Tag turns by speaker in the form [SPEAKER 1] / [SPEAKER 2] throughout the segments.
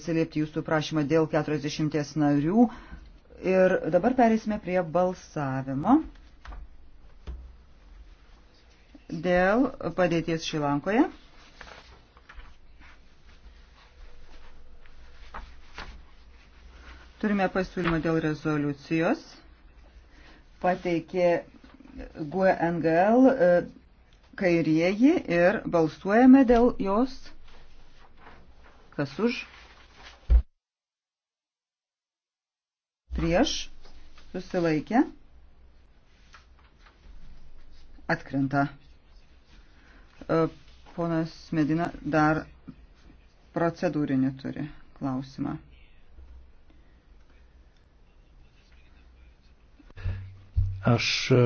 [SPEAKER 1] atsiliepti jūsų prašymą dėl 40 narių. Ir dabar perėsime prie balsavimo dėl padėties Šilankoje. Turime pasiūlymą dėl rezoliucijos. Pateikė GUNGL e, kairieji ir balsuojame dėl jos. Kas už? prieš, susilaikė, atkrenta. E, ponas Medina dar procedūrinį turi klausimą.
[SPEAKER 2] Aš e,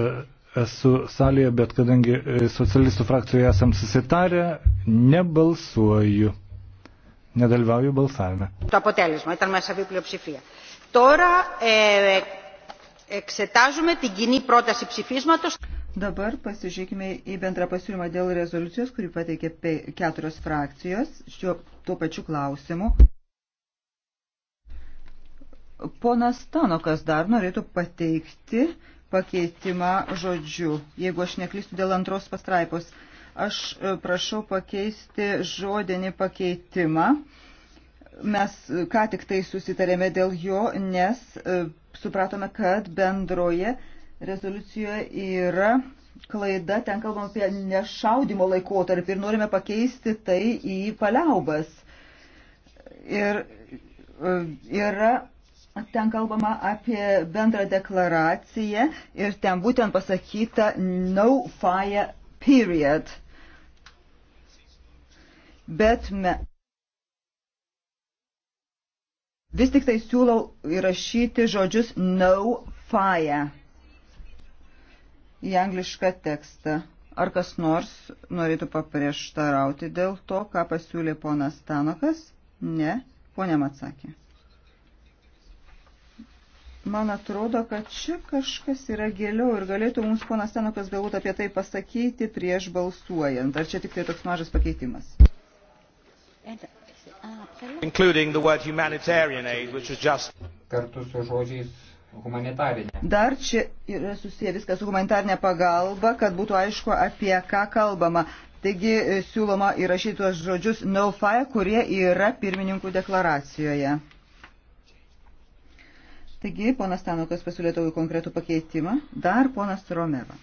[SPEAKER 2] esu salėje, bet kadangi e, socialistų frakcijoje esam susitarę, nebalsuoju. Nedalyvauju balsavime.
[SPEAKER 1] To αποτέλεσμα ήταν μέσα από πλειοψηφία. Τώρα ε, εξετάζουμε την κοινή πρόταση ψηφίσματος. Dabar pasižiūrėkime į bendrą pasiūlymą dėl rezoliucijos, kurį pateikė keturios frakcijos šiuo tuo pačiu klausimu. Ponas Tanokas dar norėtų pateikti pakeitimą žodžiu, jeigu aš neklystu dėl antros pastraipos. Aš e, prašau pakeisti žodinį pakeitimą Mes ką tik tai susitarėme dėl jo, nes e, supratome, kad bendroje rezoliucijoje yra klaida, ten kalbam apie nešaudimo laikotarpį ir norime pakeisti tai į paliaubas. Ir e, yra, ten kalbama apie bendrą deklaraciją ir ten būtent pasakyta no fire period. Bet me, Vis tik tai siūlau įrašyti žodžius no fire į anglišką tekstą. Ar kas nors norėtų paprieštarauti dėl to, ką pasiūlė ponas Tanokas? Ne, ponė atsakė. Man atrodo, kad čia kažkas yra giliau ir galėtų mums ponas Tanokas galbūt apie tai pasakyti prieš balsuojant. Ar čia tik tai toks mažas pakeitimas?
[SPEAKER 2] Enta including the word humanitarian aid, which was just. Kartu su žodžiais humanitarinė.
[SPEAKER 1] Dar čia yra susiję viskas su humanitarinė pagalba, kad būtų aišku, apie ką kalbama. Taigi e, siūloma įrašyti tuos žodžius no fire, kurie yra pirmininkų deklaracijoje. Taigi, ponas Tanukas pasiūlė tau konkretų pakeitimą. Dar ponas Romeva.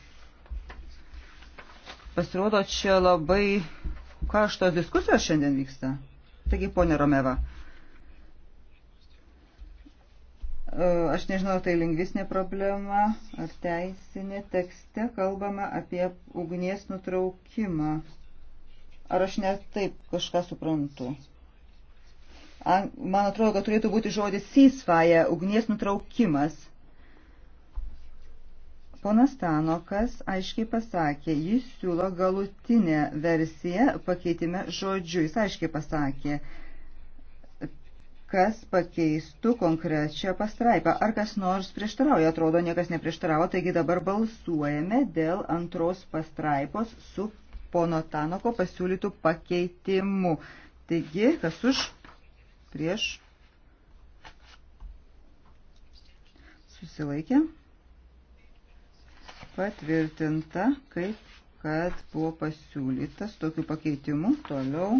[SPEAKER 1] Pasirodo, čia labai karštos diskusijos šiandien vyksta. Taigi, ponė Romeva. E, aš nežinau, tai lingvisnė problema ar teisinė. Tekste kalbama apie ugnies nutraukimą. Ar aš net taip kažką suprantu? Man atrodo, kad turėtų būti žodis ceasefire, ugnies nutraukimas. Ponas Tanokas aiškiai pasakė, jis siūlo galutinę versiją pakeitime žodžiu. Jis aiškiai pasakė, kas pakeistų konkrečią pastraipą. Ar kas nors prieštarauja? Atrodo, niekas neprieštaravo. Taigi dabar balsuojame dėl antros pastraipos su pono Tanoko pasiūlytų pakeitimu. Taigi, kas už? Prieš. Susilaikė patvirtinta, kaip kad buvo pasiūlytas tokiu pakeitimu. Toliau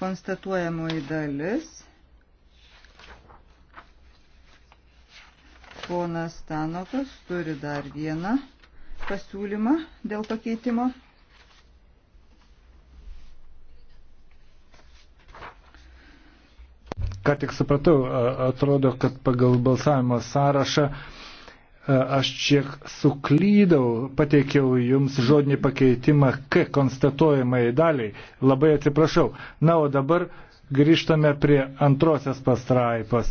[SPEAKER 1] konstatuojamoji dalis. Ponas Stanokas turi dar vieną pasiūlymą dėl pakeitimo.
[SPEAKER 2] ką tik supratau, atrodo, kad pagal balsavimo sąrašą aš šiek suklydau, pateikiau jums žodinį pakeitimą K konstatuojamai daliai. Labai atsiprašau. Na, o dabar grįžtame prie antrosios pastraipos.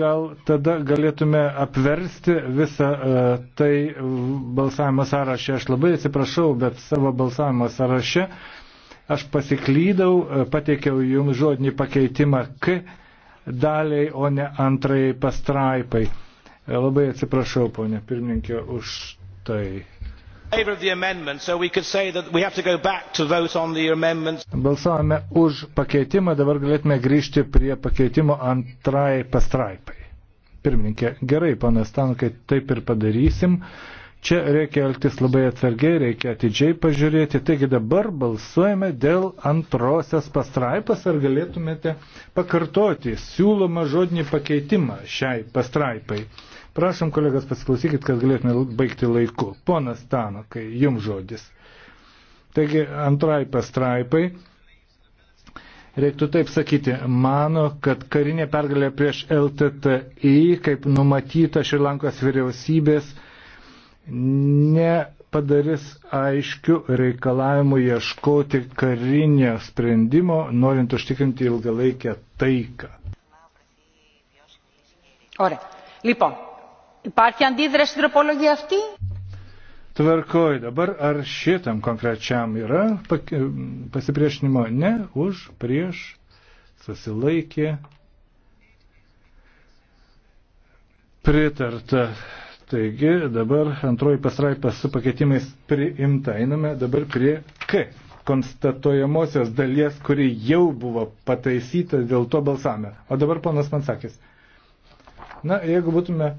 [SPEAKER 2] Gal tada galėtume apversti visą tai balsavimo sąrašą. Aš labai atsiprašau, bet savo balsavimo sąraše uh, Aš pasiklydau, e, pateikiau jums žodinį pakeitimą K daliai, o ne antrai pastraipai. E, labai atsiprašau, ponė pirmininkė, už tai. Balsavome už pakeitimą, dabar galėtume grįžti prie pakeitimo antrai pastraipai. Pirmininkė, gerai, panas Tanukai, taip ir padarysim. Čia reikia elgtis labai atsargiai, reikia atidžiai pažiūrėti. Taigi dabar balsuojame dėl antrosios pastraipas. Ar galėtumėte pakartoti siūlomą žodinį pakeitimą šiai pastraipai? Prašom, kolegas, pasiklausykit, kad galėtume baigti laiku. Ponas Tanokai, jums žodis. Taigi antrai pastraipai. Reiktų taip sakyti, mano, kad karinė pergalė prieš LTTI, kaip numatyta Šrilankos vyriausybės, nepadarys aiškių reikalavimų ieškoti karinio sprendimo, norint užtikrinti ilgalaikę taiką.
[SPEAKER 1] Ωραία. Λοιπόν, υπάρχει αντίδραση στην τροπολογία αυτή.
[SPEAKER 2] Tvarkoj, dabar ar šitam konkrečiam yra pasipriešinimo? Ne, už, prieš, susilaikė, pritarta. Taigi dabar antroji pastraipa su pakeitimais priimta. Einame dabar prie K konstatuojamosios dalies, kuri jau buvo pataisyta, dėl to balsavome. O dabar ponas man sakys. Na, jeigu būtume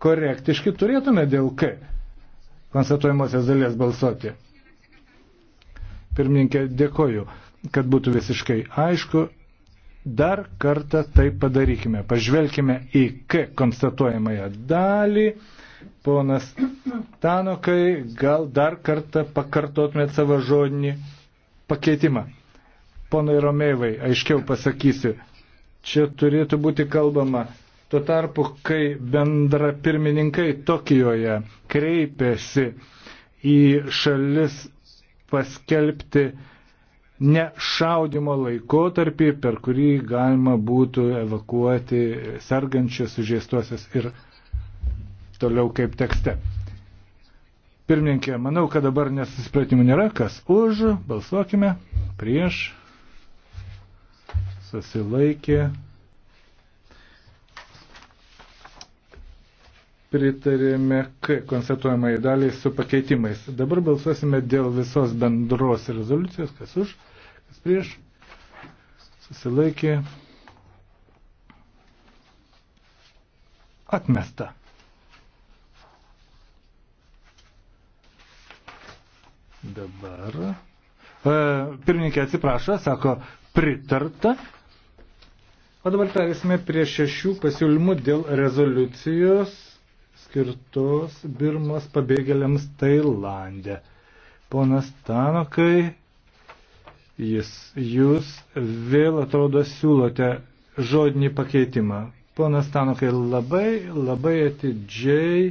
[SPEAKER 2] korektiški, turėtume dėl K konstatuojamosios dalies balsuoti. Pirmininkė, dėkoju, kad būtų visiškai aišku. Dar kartą tai padarykime. Pažvelkime į K konstatuojamąją dalį. Ponas Tanokai, gal dar kartą pakartotumėt savo žodinį pakeitimą. Ponai Romėvai, aiškiau pasakysiu, čia turėtų būti kalbama Tuo tarpu, kai bendra pirmininkai Tokijoje kreipėsi į šalis paskelbti nešaudimo laikotarpį, per kurį galima būtų evakuoti sergančius, sužeistuosius ir toliau kaip tekste. Pirmininkė, manau, kad dabar nesusipratimų nėra. Kas už, balsuokime. Prieš. Susilaikė. pritarėme K konstatuojamai daliai su pakeitimais. Dabar balsuosime dėl visos bendros rezoliucijos, kas už, kas prieš, susilaikė, atmesta. Dabar. E, pirmininkė atsiprašo, sako, pritarta. O dabar perėsime prie šešių pasiūlymų dėl rezoliucijos skirtos Birmos pabėgėliams Tailandė. Ponas Tanokai, jis, jūs vėl atrodo siūlote žodinį pakeitimą. Ponas Tanokai labai, labai atidžiai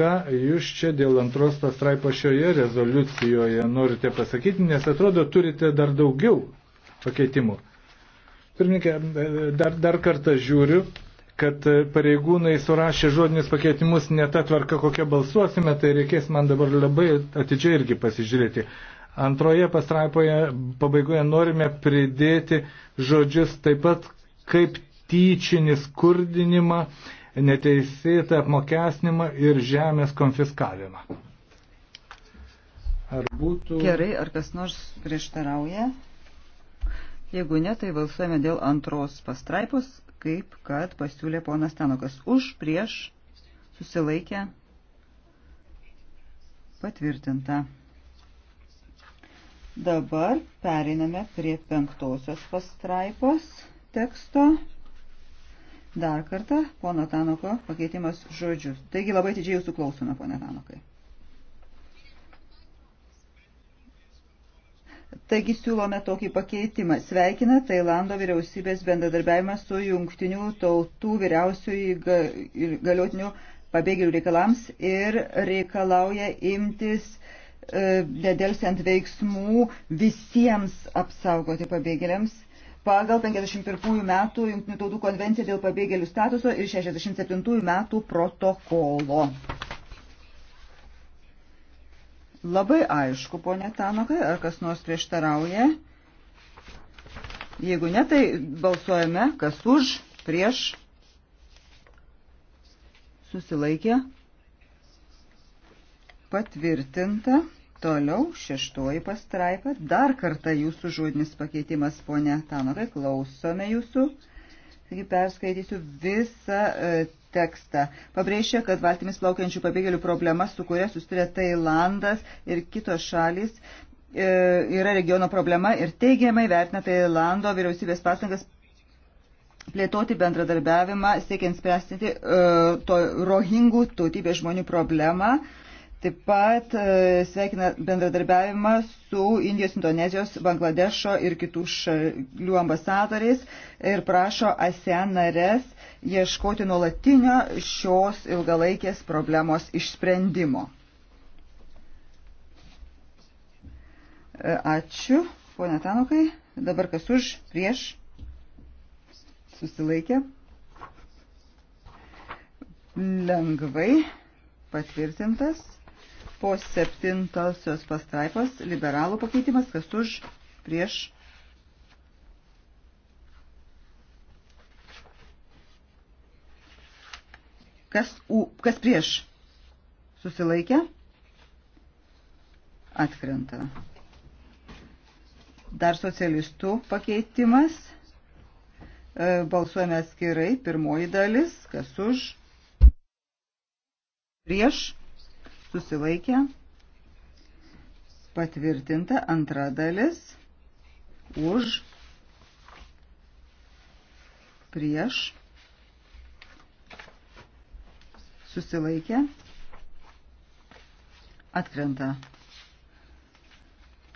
[SPEAKER 2] ką jūs čia dėl antros pastraipos šioje rezoliucijoje norite pasakyti, nes atrodo turite dar daugiau pakeitimų. Pirmininkė, dar, dar kartą žiūriu, kad pareigūnai surašė žodinius pakeitimus ne tą tvarką, kokią balsuosime, tai reikės man dabar labai atidžiai irgi pasižiūrėti. Antroje pastraipoje pabaigoje norime pridėti žodžius taip pat kaip tyčinį skurdinimą neteisėtą apmokesnimą ir žemės konfiskavimą. Ar būtų...
[SPEAKER 1] Gerai, ar kas nors prieštarauja? Jeigu ne, tai balsuojame dėl antros pastraipos, kaip kad pasiūlė ponas Tenokas. Už, prieš, susilaikę, patvirtinta. Dabar periname prie penktosios pastraipos teksto. Dar kartą, pono Tanoko, pakeitimas žodžius. Taigi labai didžiai jūsų klausome, pone Tanokai. Taigi siūlome tokį pakeitimą. Sveikina Tailando vyriausybės bendradarbiavimą su jungtinių tautų vyriausiųjų galiotinių pabėgėlių reikalams ir reikalauja imtis e, nedelsiant veiksmų visiems apsaugoti pabėgėliams pagal 51 metų Junktinių tautų konvenciją dėl pabėgėlių statuso ir 67 metų protokolo. Labai aišku, ponė Tanokai, ar kas nors prieštarauja. Jeigu ne, tai balsuojame, kas už, prieš, susilaikė, patvirtinta. Toliau šeštoji pastraipa. Dar kartą jūsų žodinis pakeitimas, ponė Tanokai, klausome jūsų. Taigi perskaitysiu visą e, tekstą. Pabrėžia, kad valtimis plaukiančių pabėgėlių problema, su kuria susiduria Tailandas ir kitos šalys, e, yra regiono problema ir teigiamai vertina Tailando vyriausybės pastangas plėtoti bendradarbiavimą, siekiant spręsti e, to rohingų tautybės žmonių problemą. E, Taip pat e, sveikina bendradarbiavimą su Indijos, Indonezijos, Bangladešo ir kitų šalių ambasadoriais ir prašo ASEAN narės ieškoti nuolatinio šios ilgalaikės problemos išsprendimo. E, ačiū, ponia Tanukai. Dabar kas už, prieš, susilaikė. Lengvai patvirtintas po septintosios pastraipos liberalų pakeitimas, kas už prieš. Kas, u, kas prieš? Susilaikė? Atkrenta. Dar socialistų pakeitimas. E, balsuojame atskirai. Pirmoji dalis. Kas už? Prieš? susilaikė, patvirtinta antra dalis, už, prieš, susilaikė, atkrenta.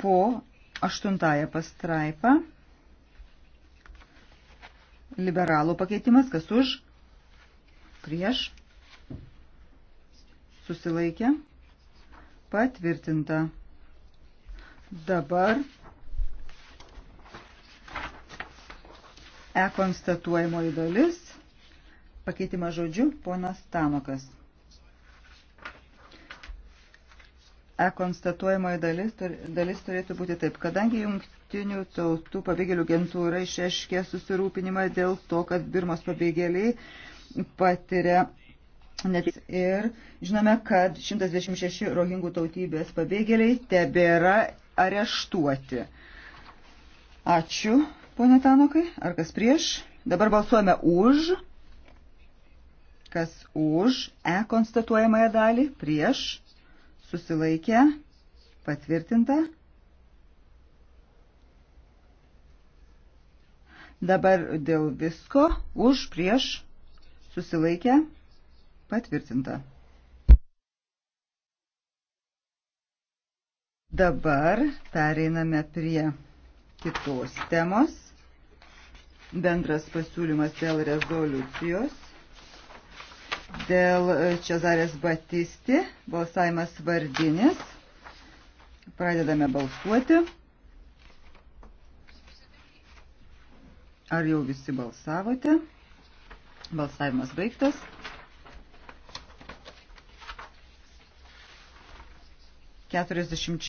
[SPEAKER 1] Po aštuntąją pastraipą liberalų pakeitimas, kas už, prieš, prieš, susilaikė, patvirtinta. Dabar E konstatuojamoji dalis, pakeitimą žodžiu, ponas Tanokas. E konstatuojamoji dalis, dalis turėtų būti taip, kadangi jungtinių tautų pabėgėlių agentūra išreiškė susirūpinimą dėl to, kad Birmos pabėgėliai patiria Ir žinome, kad 126 rohingų tautybės pabėgėliai tebėra areštuoti. Ačiū, ponė Tanokai. Ar kas prieš? Dabar balsuojame už. Kas už E konstatuojamąją dalį? Prieš. Susilaikę. Patvirtinta. Dabar dėl visko už prieš susilaikę Patvirtinta. Dabar pereiname prie kitos temos. Bendras pasiūlymas dėl rezoliucijos. Dėl e, Čezarės Batisti balsavimas vardinis. Pradedame balsuoti. Ar jau visi balsavote? Balsavimas baigtas. 40